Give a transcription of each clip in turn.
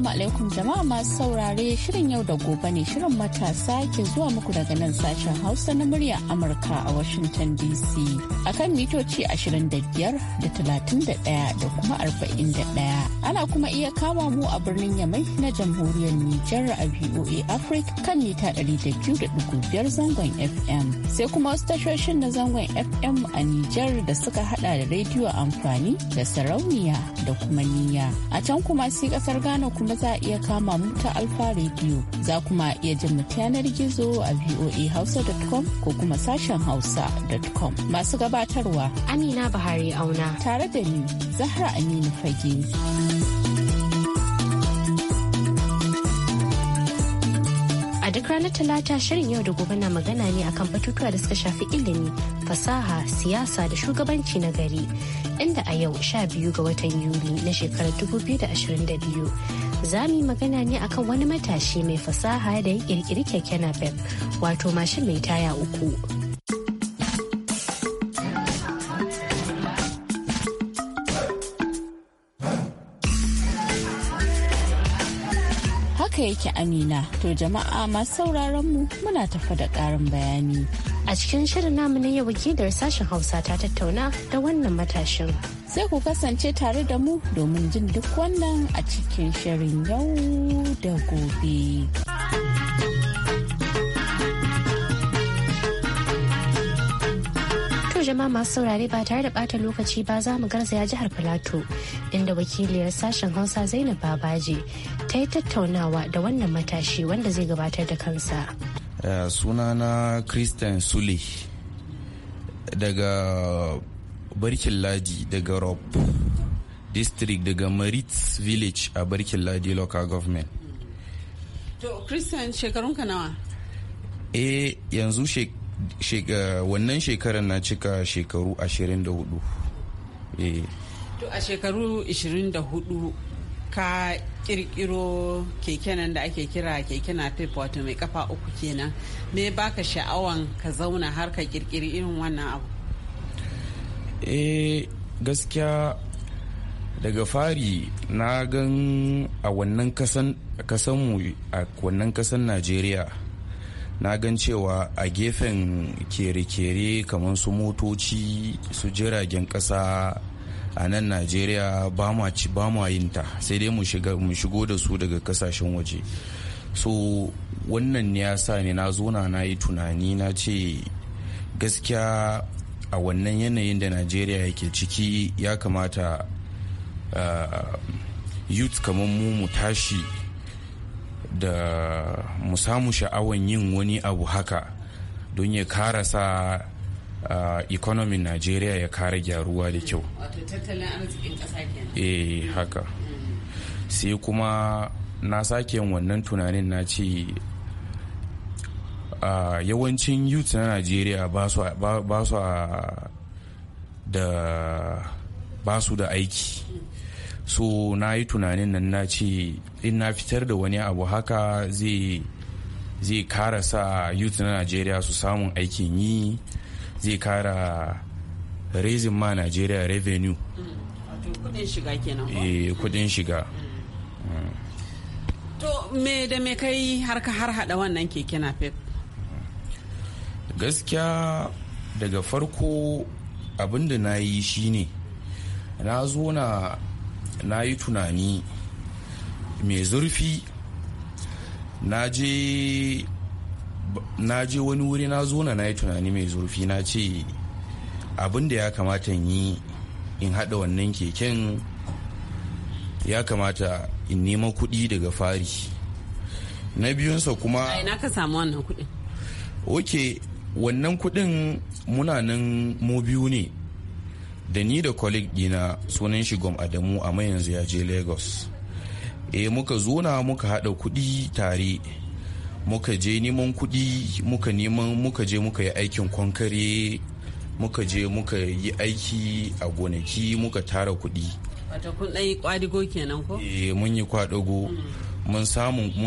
Assalamu alaikum jama'a masu saurare shirin yau da gobe ne shirin matasa ke zuwa muku daga nan sashen Hausa na murya Amurka a Washington DC akan mitoci 25 da 31 da kuma 41. Ana kuma iya kama mu a birnin Yamai na jamhuriyar Nijar a VOA Africa kan mita 200.5 zangon FM. Sai kuma wasu tashoshin na zangon FM a Nijar da suka hada da rediyo amfani da sarauniya da kuma niyya. A can kuma sai kasar Ghana kuma za a iya kama mu ta Alfa rediyo Za kuma iya jin mu yanar gizo a voahausa.com ko kuma sashen hausa.com. Masu gabatarwa Amina Bahari Auna. Tare da ni Zahra Aminu Fage. ranar talata shirin yau da gobe na magana ne akan batutuwa da suka shafi ilimi fasaha siyasa da shugabanci na gari inda a yau sha biyu ga watan yuli na shekarar 2022 za mu yi magana ne akan wani matashi mai fasaha da ya kirkiri keke napep wato mashin mai taya uku yake amina to jama'a masu sauraron mu muna tafa da karin bayani a cikin shirin namu na yau wakilin sashen hausa ta tattauna da wannan matashin sai ku kasance tare da mu domin jin duk wannan a cikin shirin yau da gobe. To jama'a masu saurare ba tare da bata lokaci ba za mu garzaya jihar Filato inda wakiliyar sashen Hausa Zainab Babaji ta yi tattaunawa da wannan matashi wanda zai gabatar da kansa. suna eh, sunana Christian Sule daga Barkin Ladi daga Rob District daga Maritz Village a Barkin Ladi Local Government. To Christian shekarunka nawa? Eh yanzu shek Eh, wannan shekarar na cika shekaru 24 eh. a shekaru 24 ka kirkiro keke nan da ake kira keke na pep wato mai kafa uku kenan me baka sha'awan ka zauna har ka kirkiri irin wannan abu eh gaskiya daga fari na gan a wannan kasan mu a wannan kasan najeriya na gan cewa a gefen kere-kere kamar su motoci su jiragen kasa a nan najeriya ba ma yin ta sai dai mu shigo da su daga kasashen waje so wannan ne ya sa ne na zona na yi tunani na ce gaskiya a wannan yanayin da najeriya yake ciki ya kamata uh, youth kamar mu mu tashi da mu samu sha'awan yin wani abu haka don ya karasa economy nigeria ya kara gyaruwa da kyau eh haka sai kuma na sake wannan tunanin na ce yawancin youth na nigeria ba su da aiki so na yi tunanin nan na ce in na fitar da wani abu haka zai zai kara sa youth na najeriya su samun aikin yi zai kara raising ma najeriya revenue kudin shiga kenan eh kudin shiga to me da me kai har ka har hada wannan keke pep gaskiya daga farko abinda na yi shine na zo na na yi tunani mai zurfi na je wani wuri na zona na yi tunani mai zurfi na ce abin da ya kamata yi in haɗa wannan keken ya kamata in nema kuɗi daga fari na biyunsa kuma na ka samu wannan kudin ok wannan kuɗin muna nan mu biyu ne da ni da colleague dina sunan shi gwam adamu a yanzu ya je lagos e muka zona muka hada kudi tare muka je neman kudi muka neman muka je muka yi aikin kwankare muka je muka yi aiki a gonaki muka tara kudi. wata kun ɗan kwadigo kenan ko? eh mun yi kwadago mm. mun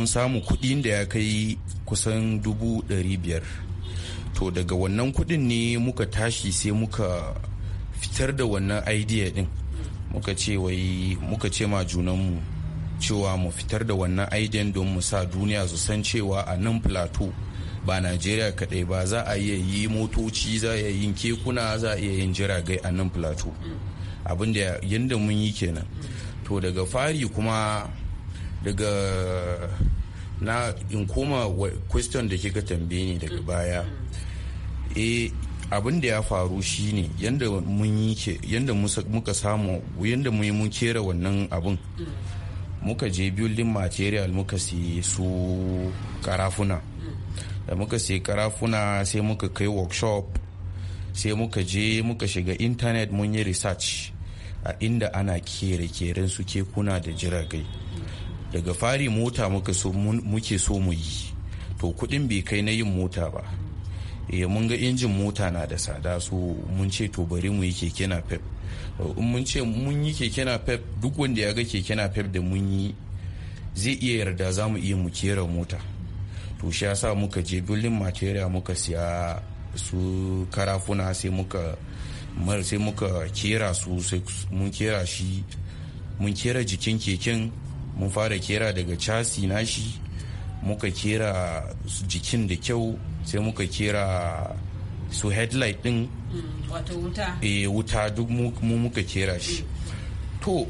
samu mun da ya kai kusan dubu dari biyar to daga wannan kuɗin ne muka tashi sai muka fitar da wannan idea din muka ce wai muka ce ma junanmu cewa mu fitar da wannan idea don mu sa duniya su san cewa a nan plateau ba najeriya kadai ba za a iya yi motoci za a iya yin kekuna za a iya yin jiragai a nan plateau abin da yadda mun yi kenan to daga fari kuma daga na in koma question da kika tambaye ni daga baya e abin da ya faru shine yadda mun yi yadda muka samu yadda mun yi kera wannan abin muka je building material muka sai su karafuna da muka sai karafuna sai muka kai workshop sai muka je muka shiga internet mun yi research a inda ana kere-keren su kekuna da jiragai daga fari mota muke so mu yi to kudin bai kai na yin mota ba Eh, mun ga injin mota na da tsada so mun ce to bari mu yi keke na pep eh, mun ce mun yi keke na pep duk wanda ya ga keke na pep da mun yi zai iya yarda za mu iya mu kera mota to shi yasa muka je bilin material muka siya su karafuna sai muka sai muka kera su sai mun kera shi mun kera jikin keken mun fara kera daga chasi nashi muka kera jikin da kyau sai muka kera su headlight din mm, wuta eh wuta duk mu muka kera shi mm. to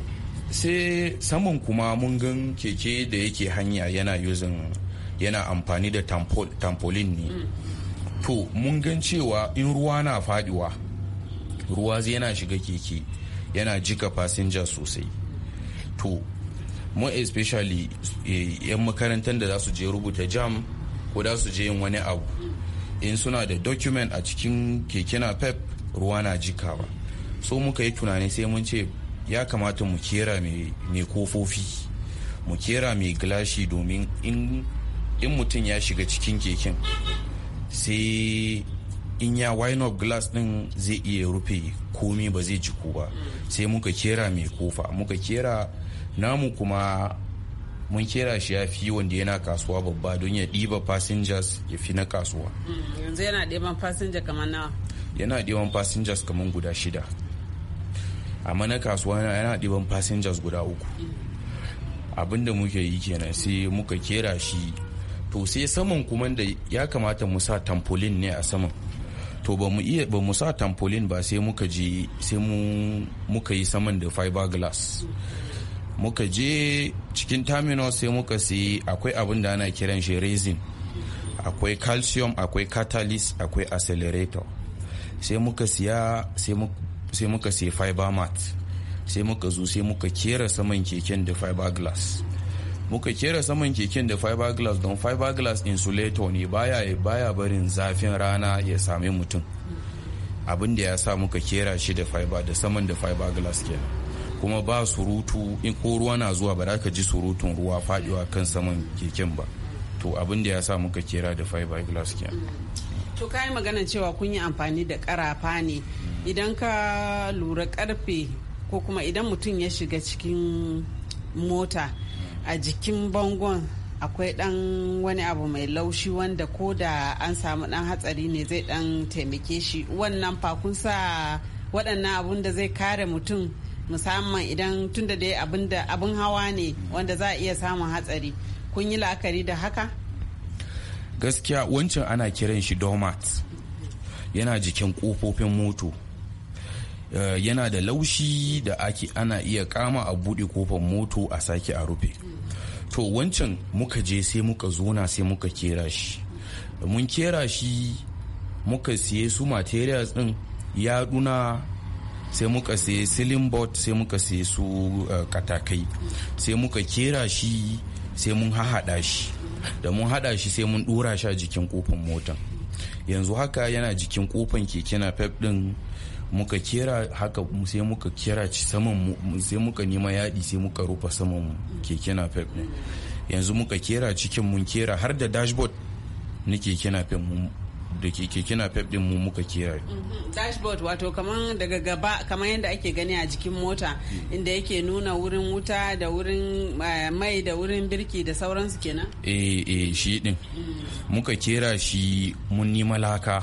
sai saman kuma mun gan keke da yake hanya yana using yana amfani da tampolin ne mm. to mun gan cewa in ruwa na faɗiwa ruwa zai yana shiga keke yana jika fasinja sosai to mu especially eh, yan makarantar da za su je rubuta jam ko da su je yin wani abu in suna da document a cikin keke na pep ruwa na jikawa so muka yi tunani sai mun ce ya kamata mu kera mai kofofi mu kera mai gilashi domin in mutum ya shiga cikin keken sai in ya wine up glass din zai iya rufe komi ba zai jiku ba sai muka kera mai kofa muka kera namu kuma mun kera shi ya fi wanda yana kasuwa babba don ya ɗiba passengers ya fi na kasuwa hmm, yanzu yana ɗiban passengers kamar nawa yana ɗiban passengers kamar guda shida amma na kasuwa yana ɗiban passengers guda uku hmm. abinda muke yi kenan sai muka kera shi to sai saman kuma da ya kamata mu sa tampolin ne a saman to ba mu iya ba mu sa tampolin ba sai muka je sai mu muka yi saman da fiberglass hmm. muka je cikin terminal sai muka siyi akwai abin da ana kiran shi resin akwai calcium akwai catalyst akwai accelerator sai muka siya sai muka fiber mat sai muka zo sai muka kera saman keken da fiberglass muka kera saman keken da glass don fiberglass insulator ne baya baya barin zafin rana ya same mutum abin da ya sa muka kera shi da fiber da saman da fiberglass kenan kuma ba surutu in ko ruwa na zuwa ba za ka ji surutun ruwa faɗiwa kan saman keken ba to abin da ya sa muka kera da fiberglass kenan to kayi magana cewa kun yi amfani da karafa ne idan ka lura karfe ko kuma idan mutum ya shiga cikin mota a jikin bangon akwai dan wani abu mai laushi wanda ko da an samu dan hatsari ne zai dan taimake shi wannan fa kun sa waɗannan abun da zai kare mutum musamman idan tunda dai abin hawa ne wanda za a iya samun hatsari kun yi la'akari da haka gaskiya wancan ana kiran shi domat yana jikin kofofin moto eh, yana da laushi da ake ana iya kama a bude kofar moto a sake a rufe to wancan muka je sai muka zona sai muka kera shi mun kera shi muka siye su materials din yaduna sai muka sai silin board sai muka sai su eh, katakai sai muka kera shi sai mun hahada shi da mun hada shi sai mun ɗora shi a jikin kofan motan yanzu haka yana jikin kofan keke na pep din muka kera haka sai muka kera ci saman sai muka nema yaɗi sai muka rufa saman keke na pep ɗin yanzu muka kera cikin mun kera har da dashboard na keke na pep da ke keke kina pep din mu muka kiyaye mhm. dashboard wato kaman daga gaba kaman yadda ake gani a jikin mota mm. inda yake nuna wurin wuta da wurin eh, mai da wurin birki da sauransu kenan eh eh shi din mm. muka kera shi mun ni malaka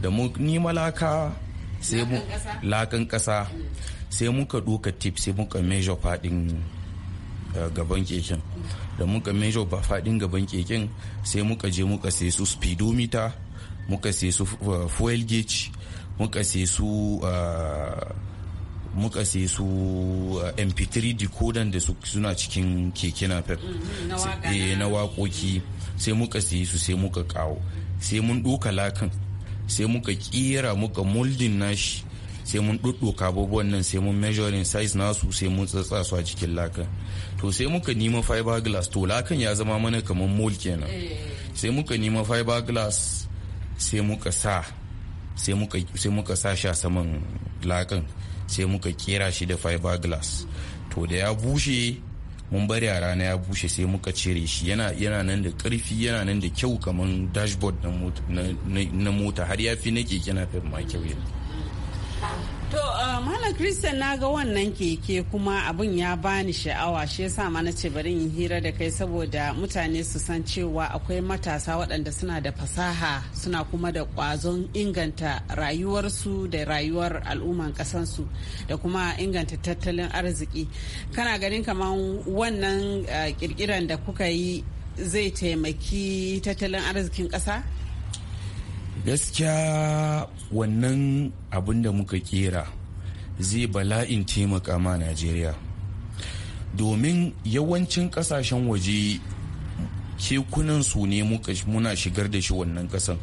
da mun ni malaka sai mu lakan kasa mm. sai muka doka tip sai muka measure fadin eh, gaban keken da muka measure ba fadin gaban keken sai muka je muka sai su speedometer muka sai su uh, fuel gauge muka sai su uh, muka sai su uh, mp3 decoder da suna cikin keke pep. Mm, mm, eh, na waƙoƙi sai muka sai su sai muka kawo sai mun doka lakan sai muka ƙera muka moldin nashi sai mun ɗuɗɗuka abubuwan nan sai mun measuring size nasu sai mun tsatsa su a cikin lakan to sai muka nima fiberglass to lakan ya zama mana kamar mold kenan eh. sai muka nima fiberglass sai muka sa sai muka sa shi a saman lakan sai muka kera shi da fiberglass to da ya bushe mun bari a rana ya bushe sai muka cire shi yana yana nan da karfi yana nan da kyau kamar dashboard na mota har ya fi na keke na ma kyau yanzu To, uh, Malam Christian na ga wannan keke kuma abin ya bani sha'awa shi yasa ma na ce bari in hira da kai saboda mutane su san cewa akwai matasa waɗanda suna da fasaha suna kuma da ƙwazon inganta rayuwarsu da rayuwar al'umman ƙasansu da kuma inganta tattalin arziki. Kana ganin kamar wannan uh, ƙirƙiran da kuka yi zai taimaki tattalin arzikin ƙasa? gaskiya wannan abin da muka kera zai bala'in taimaka ma najeriya domin yawancin kasashen waje kekunan su ne muna shigar da shi wannan kasan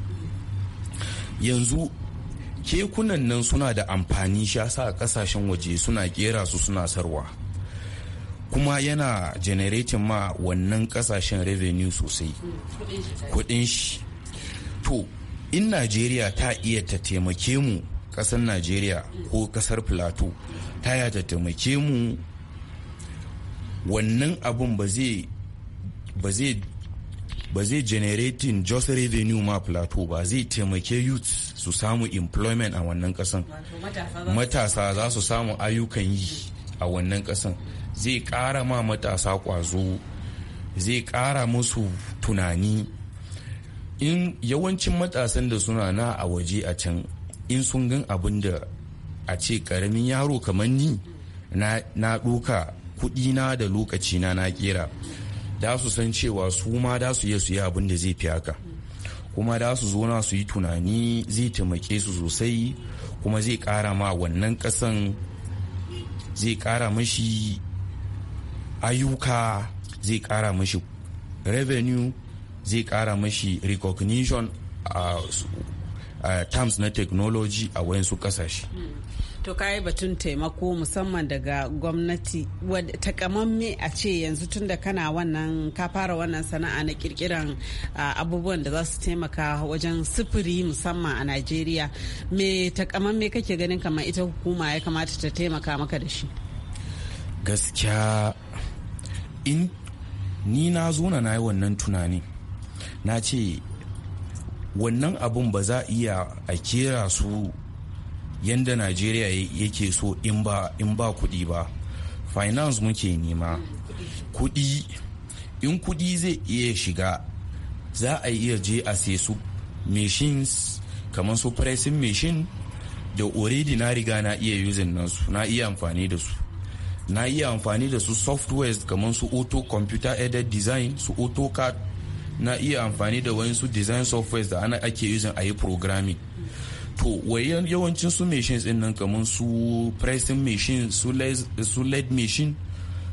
yanzu kekunan nan suna da amfani sha sa kasashen waje suna kera su suna sarwa kuma yana generating ma wannan kasashen revenue sosai kudin shi to in najeriya ta iya ta taimake mu kasar najeriya ko kasar plateau ta iya ta taimake mu wannan abun ba zai ba zai just revenue ma plateau ba zai taimake youth su samu employment a wannan kasan matasa za su samu ayyukan yi a wannan kasan zai kara ma matasa kwazo zai kara musu tunani in yawancin matasan da suna na a waje a can in sun gan abin da a ce karamin yaro kamar ni na ɗoka kuɗina da lokacina na kera da su san cewa su ma da su iya su yi abin da zai fi haka kuma da su zo na su yi tunani zai taimake su sosai kuma zai ƙara ma wannan ƙasan zai ƙara mashi ayyuka zai ƙara mashi revenue zai kara mashi recognition a terms na technology a wayansu kasashe hmm. to kayi batun taimako musamman daga gwamnati takamamme a ce yanzu tun da kana wannan ka fara wannan sana'a na kirkiran abubuwan da za su taimaka wajen sufuri musamman a najeriya me takamamme kake ganin kamar ita hukuma ya kamata ta taimaka maka da shi gaskiya in ni na zo na yi wannan tunani na ce wannan abun ba za a iya a kera su yadda najeriya yake so in ba kuɗi ba finance muke nema kuɗi in kuɗi zai iya shiga za a iya je a sai su machines kamar su pressing machine da already na riga na iya using nasu na iya amfani da su na iya amfani da su softwares kamar su auto computer aided design su autocad na iya amfani da wayansu design software da ana ake using a yi programming to wayan yawancin su machines din nan kamar su pressing machine su led machine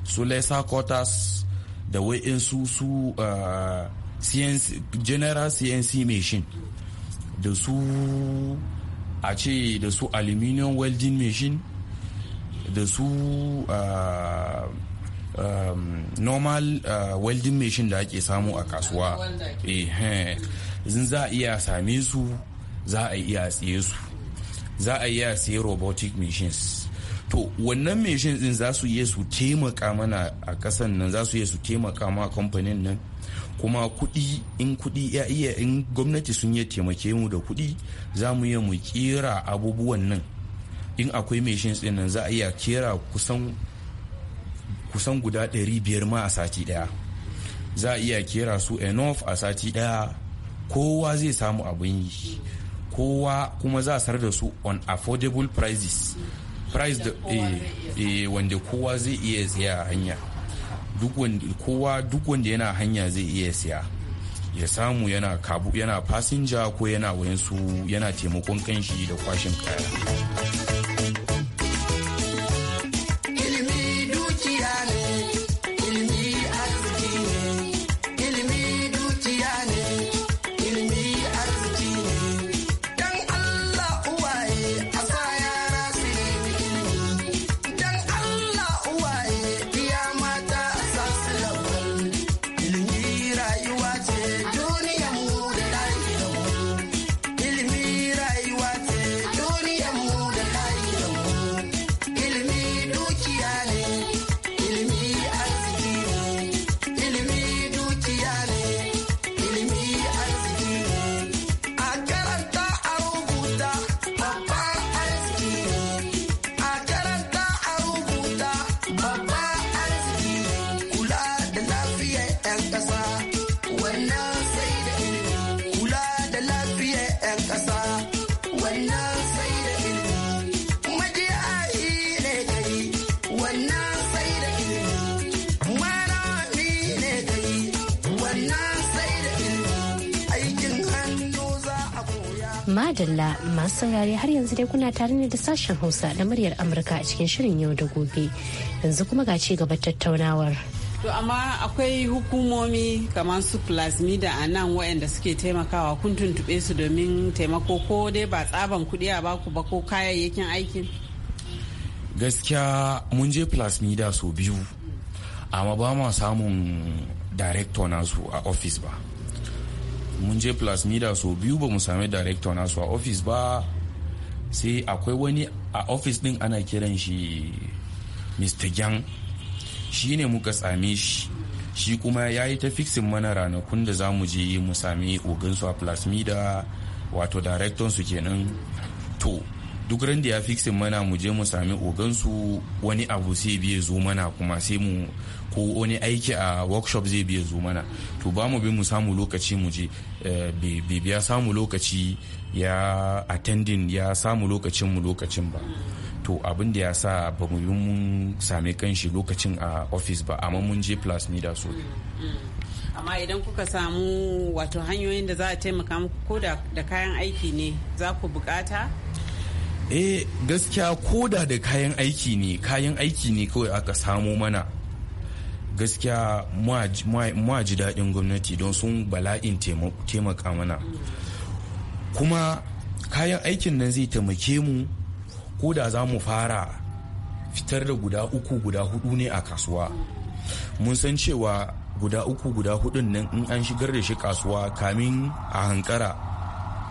su laser cutters da wayansu su CNC, ah, general cnc machine da su a ce da su aluminium welding machine da su ah, Um, normal uh, welding machine da ake samu a kasuwa zin za a iya same su za a iya tsaye su za a iya tsaye robotic machines to wannan machines din za su iya su taimaka mana a kasan nan za su iya su taimaka ma kamfanin nan kuma kudi in kudi ya iya in gwamnati sun iya taimake mu da kudi za mu iya mu kera abubuwan nan in akwai machines din nan za a iya kera kusan kusan guda 500 ma a sati daya za a iya kera su enough a sati daya kowa zai samu abin yi kowa kuma za a sar da su on affordable prices price da eh, eh, wanda kowa zai iya siya a hanya kowa duk wanda yana hanya zai iya siya ya samu yana kabu yana fasinja ko yana wayansu yana taimakon kanshi da kwashin kaya Allah masu saurare har yanzu dai kuna tare ne da sashen hausa da muryar amurka a cikin shirin yau da gobe yanzu kuma ga ci gaba tattaunawar to amma akwai hukumomi kamar su plasmida a nan waɗanda suke taimakawa kun tuntuɓe su domin taimako ko dai ba tsaban kuɗi a baku ba ko kayayyakin aikin gaskiya mun je plasmida sau biyu amma ba ma samun director nasu a ofis ba mun je plasmida so biyu ba mu sami director nasu a office ba sai akwai wani a office din ana kiran shi mr gyan shi ne muka same shi shi kuma ya yi ta fixin mana ranakun da za mu je mu sami su a plasmida wato director su kenan to duk ran da ya fiksin mana mu je mu sami ogansu wani abu sai biya zo mana kuma sai mu ko wani aiki a workshop zai biya zo mana to ba mu bi mu samu lokaci mu je eh, bai ya samu lokaci ya attending ya samu lokacin mu lokacin ba to abin da ya sa ba mu yi mun sami kanshi lokacin a office ba amma mun je plus ni da so mm. amma idan kuka samu wato hanyoyin da za a taimaka muku ko da kayan aiki ne za ku bukata eh gaskiya koda da kayan aiki ne kayan aiki ne kawai aka samo mana gaskiya ma ji daɗin gwamnati don sun bala'in taimaka mana kuma kayan aikin nan zai taimake mu ko da za mu fara fitar da guda uku guda hudu ne a kasuwa mun san cewa guda uku guda hudun nan in an shigar da shi kasuwa kamin a hankara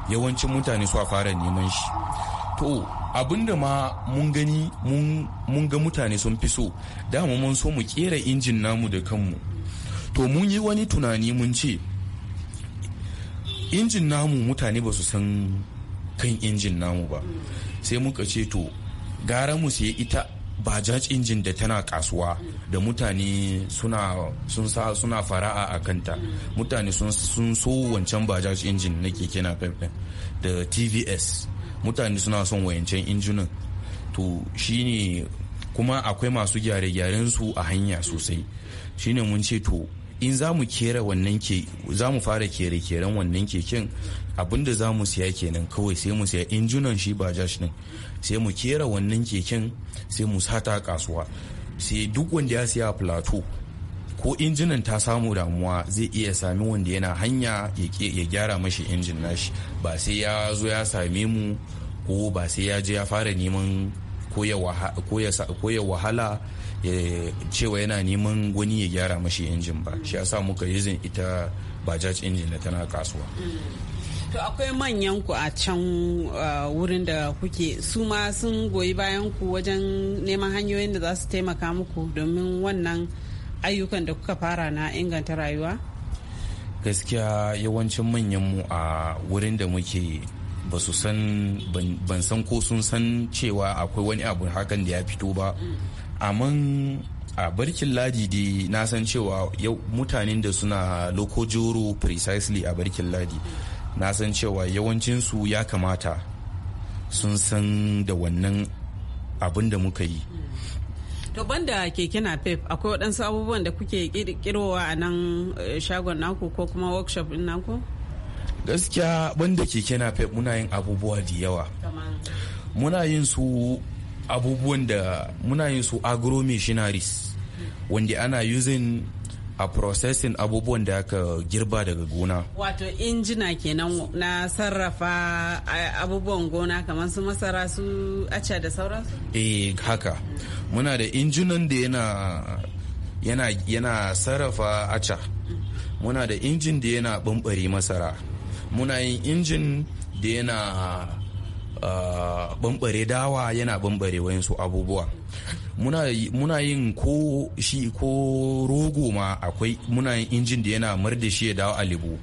yawancin mutane su a fara neman shi to abinda ma mun gani mun ga mutane sun fi so dama mun so mu kera injin namu da kanmu to mun yi wani tunani mun ce injin namu mutane ba su san kan injin namu ba sai muka ce to gara mu sai ita bajaj injin da tana kasuwa da mutane suna fara'a a kanta mutane sun so wancan bajaj injin na keke na da tvs mutane suna son wayancan injunan to shine kuma akwai masu gyare-gyaren su a hanya sosai shine mun ce to in za mu kera wannan ke za mu fara kere-keren wannan keken abinda za mu siya kenan kawai sai mu siya injunan shi ba jash nan sai mu kera wannan keken sai mu sata kasuwa sai duk wanda ya siya plateau ko injinan ta samu damuwa zai iya sami wanda yana hanya ya gyara mashi injin nashi ba sai ya zo ya same mu ko ba sai ya je ya fara neman wahala ya wahala cewa yana neman wani ya gyara mashi injin ba shi ya sa muka yuzin ita bajaj injin da tana kasuwa mm. to akwai manyan ku a can uh, wurin da kuke su ma sun goyi bayan ku wajen neman hanyoyin da za su taimaka muku domin wannan ayyukan da kuka fara na inganta rayuwa? Gaskiya yawancin manyanmu a wurin da muke ba su san ban san ko sun san cewa akwai wani abu hakan da ya fito ba. Amma a barkin ladi dai na san cewa mutanen da suna lokojoro precisely a barkin ladi na san cewa yawancinsu ya kamata sun san da wannan abin da muka yi. to banda keke na pep akwai waɗansu abubuwan da kuke kirowa a nan eh, shagon naku ko kuma workshop in naku gaskiya banda keke na pep muna yin abubuwa da yawa muna yin su abubuwan da muna yin su agro missionaries wanda ana using a processing abubuwan da aka girba daga gona. Wato injina kenan na sarrafa abubuwan gona kamar su masara su aca da sauransu? Eh haka. Muna da injinan da yana sarrafa aca. Muna da injin da yana bambari masara. Muna yin injin da yana bambare ah, dawa yana bambare wayansu abubuwa. muna yin ko shi ko rogo ma akwai muna yin injin da yana da shi ya dawo a lebu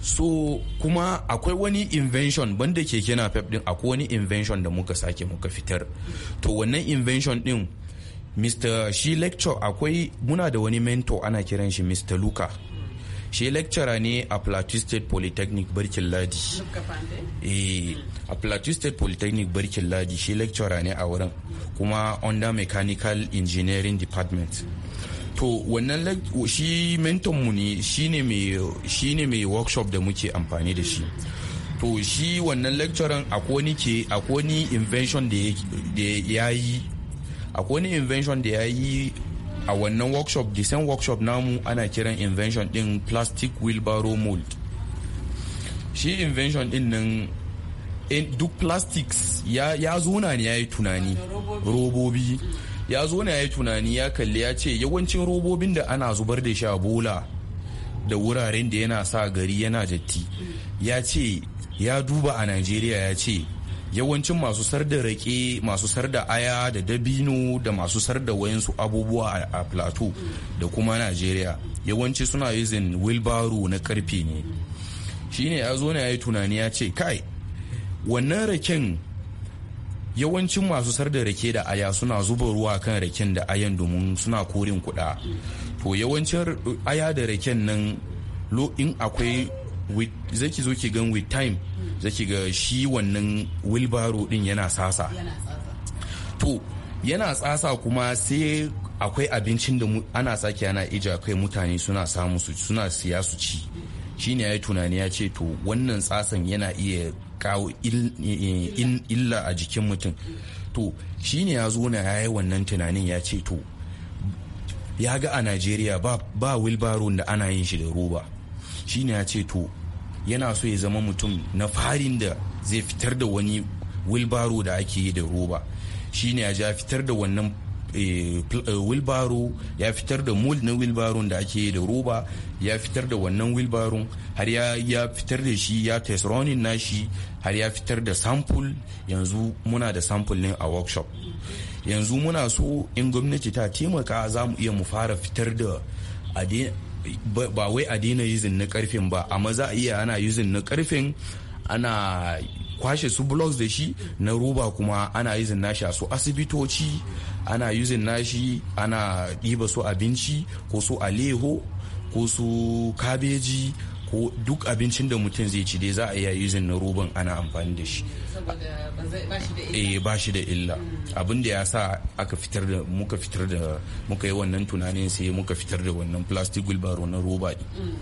so kuma akwai wani invention banda keke na pep din akwai wani invention da muka sake muka fitar to wannan invention din mr shi lecture akwai muna da wani mentor ana kiran shi mr luka shi lecturer ne a plateau state polytechnic barkin ladi eh a plateau state polytechnic barkin ladi shi lecturer ne a wurin kuma under mechanical engineering department to wannan shi mentor mu ne shine mai mai workshop da muke amfani da shi to shi wannan lecturer akwai ke akwai invention da ya yi akwai invention da ya yi a wannan workshop design workshop namu ana kiran invention din plastic wheelbarrow mold shi invention din nan duk plastics ya, zona ne ya yi tunani robobi ya zo ne ya yi tunani ya kalli ya ce yawancin robobin da ana zubar da shi a bola da wuraren da yana sa gari yana datti ya ce ya duba a najeriya ya ce yawancin masu sarda rake masu sar aya da dabino da masu sar da wayansu abubuwa a plateau da kuma nigeria yawanci suna using wilbaro na karfe ne shine ya zo ne ya yi tunani ya ce kai wannan raken yawancin masu sarda rake da aya suna zuba ruwa kan raken da ayan domin suna korin kuda to yawancin aya da raken nan in akwai zai ki zo ki gan with time zai ki ga shi wannan wilbaro din yana sasa to yana tsasa kuma sai akwai abincin da ana sake ana ija kai mutane suna samu su suna siya su ci shine ya yi tunani ya ce to wannan tsasan yana iya kawo eh, illa a jikin mutum to shine ya zo na ya yi wannan tunanin ya ce to ya ga a najeriya ba wilbaro da ana yin shi da roba shine ya ce to yana so ya zama mutum na farin da zai fitar da wani wilbaro da ake yi da roba shine ya ja fitar da wannan eh, eh, wilbaro ya fitar da mul na wilbaron da ake yi da roba ya fitar da wannan wilbaron har ya fitar da shi ya test running nashi har ya fitar da sample yanzu muna da sample ne a workshop yanzu muna so in gwamnati ta taimaka za mu iya mu fara fitar da ba wai a daina yuzin na karfin ba amma za a iya ana yuzin na karfin ana kwashe su blocks da shi na roba kuma ana yuzin nashi a su asibitoci ana yuzin nashi ana ɗiba su abinci ko su aleho ko su kabeji ko duk abincin da mutum zai ci dai za a iya yuzin na roban ana amfani da shi saboda ba shi da illa eh, hmm. abin da ya sa aka fitar da muka fitar da muka yi wannan tunanin sai muka fitar da wannan plastic wheelbarrow na roba hmm.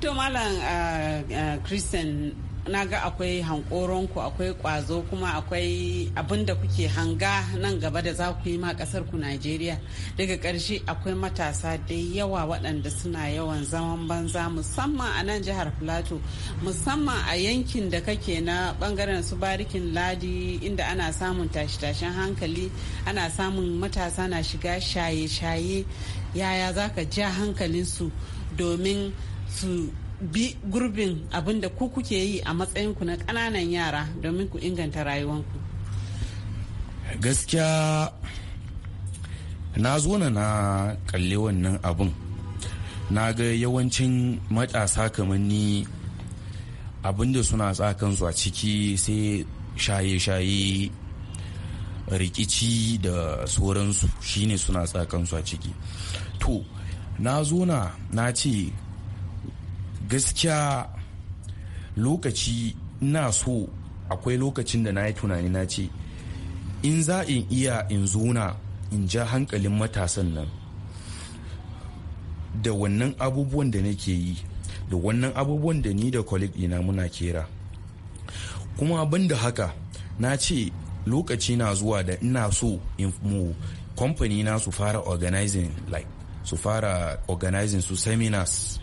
to malam ah, ah, christian na ga akwai hankoronku akwai kwazo kuma akwai abin da kuke hanga nan gaba da za ku yi ma kasar ku najeriya daga karshe akwai matasa da yawa waɗanda suna yawan zaman banza musamman a nan jihar filato musamman a yankin da kake na bangaren su barikin ladi inda ana samun tashi-tashen hankali ana samun matasa na shiga shaye-shaye yaya za ka ja hankalinsu domin su bi gurbin abin da ku kuke yi a matsayinku na ƙananan yara domin ku inganta rayuwanku gaskiya na zo na na kalli wannan abin na ga yawancin matasa kamar ni da suna tsakansu a ciki sai shaye-shaye rikici da sauransu shine suna tsakansu a ciki to na zo na ce gaskiya lokaci na so akwai lokacin da na yi tunani na ce in za in iya in zona in ja hankalin matasan nan da wannan abubuwan da nake yi da wannan abubuwan da ni da colleague ina muna kera kuma abin da haka na ce lokaci na zuwa da ina so in mu kamfani na su fara organizing like su fara organizing su seminars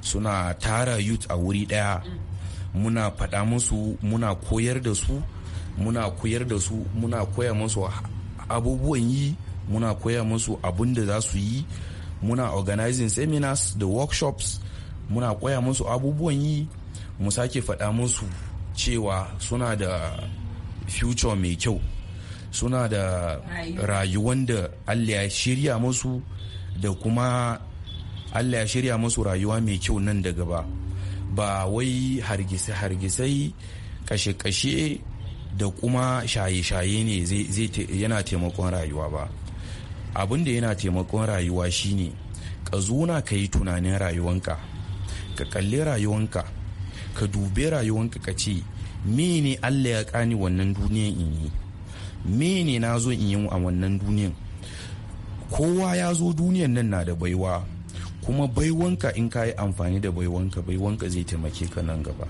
suna tara youth a wuri daya muna faɗa musu muna koyar da su muna koyar da su muna koya musu abubuwan yi muna koya musu abun da za su yi muna organizing seminars da workshops muna koya musu abubuwan yi mu sake faɗa musu cewa suna da future mai kyau suna da rayuwan da allah ya shirya musu da kuma allah ya shirya musu rayuwa mai kyau nan da gaba ba wai hargise-hargisai kashe-kashe da kuma shaye-shaye ne yana taimakon rayuwa ba abin da yana taimakon rayuwa shine ka zuna ka yi tunanin rayuwanka ka kalli rayuwanka ka dube rayuwanka ka ce mene allah ya kani wannan duniyan in yi mene na zo in yi a wannan duniyan kowa ya zo duniyan nan na da baiwa kuma baiwanka in ka yi amfani da baiwanka baiwanka zai taimake ka nan gaba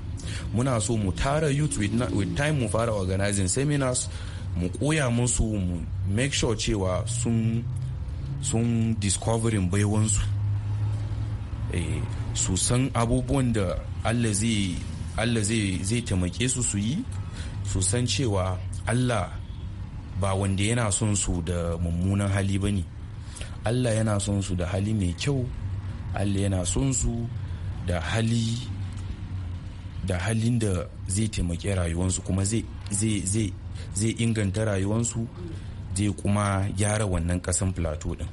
muna so mu tara youth with, time mu fara organizing seminars mu koya musu mu make sure cewa sun sun discovering baiwansu e, su san abubuwan da allah zai allah zai taimake su su yi su san cewa allah ba wanda yana son su da mummunan hali ba ne allah yana son su da hali mai kyau allah yana son su da hali da halin da zai taimake rayuwansu kuma zai inganta rayuwansu zai kuma gyara wannan kasan plateau din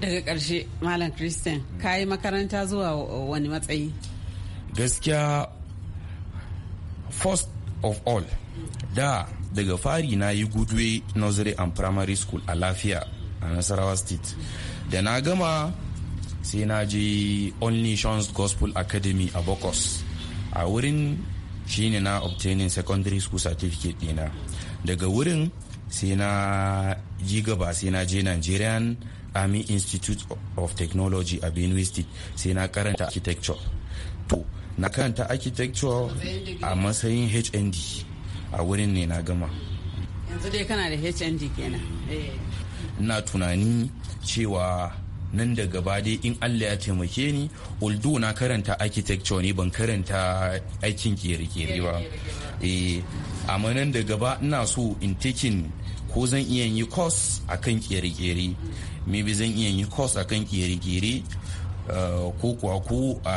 daga ƙarshe malam christian ka yi makaranta zuwa wani matsayi gaskiya first of all da daga fari na yi goodway nursery and primary school a lafiya a nasarawa state da na gama sai na je all nations gospel academy a bokos a wurin shine na obtaining secondary school certificate dina daga wurin sai na ji gaba sai na je nigerian army institute of technology a benue state sai na karanta architecture to na karanta architecture a matsayin hnd a wurin ne na gama yanzu dai kana da hnd kenan eh. na tunani cewa nan da gaba dai in Allah ya taimake ni although na karanta architecture ne ban karanta aikin kere-kere ba eh, amma nan da gaba ina so in taking ko zan iya yi course akan kere-kere maybe zan iya yi course akan kere-kere eh, ko kuwa ko a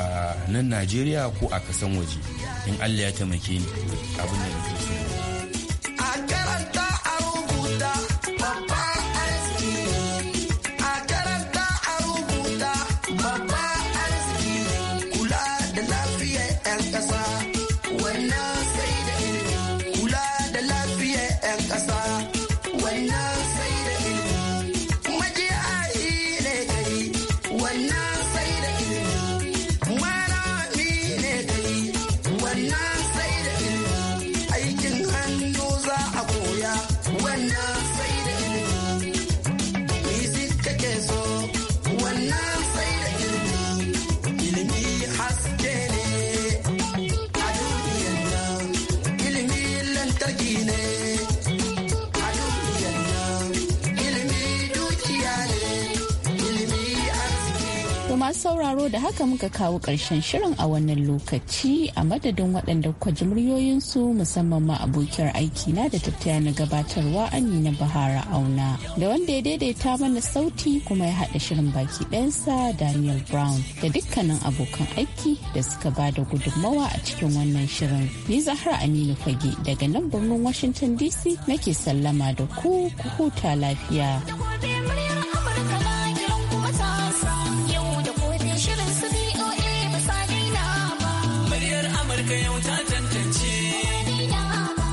nan Najeriya ko a kasan waje in Allah ya taimake ni abin da nake so da haka muka kawo ƙarshen shirin a wannan lokaci a madadin waɗanda kwajimiryoyinsu muryoyinsu musamman ma abokiyar aiki na da tattaya na gabatarwa Amina Bahara Auna da wanda ya daidaita mana sauti kuma ya haɗa shirin baki ɗansa Daniel Brown da dukkanin abokan aiki da suka ba da gudunmawa a cikin wannan shirin. Ni Zahra Aminu Fage daga nan birnin Washington DC nake sallama da ku ku huta lafiya.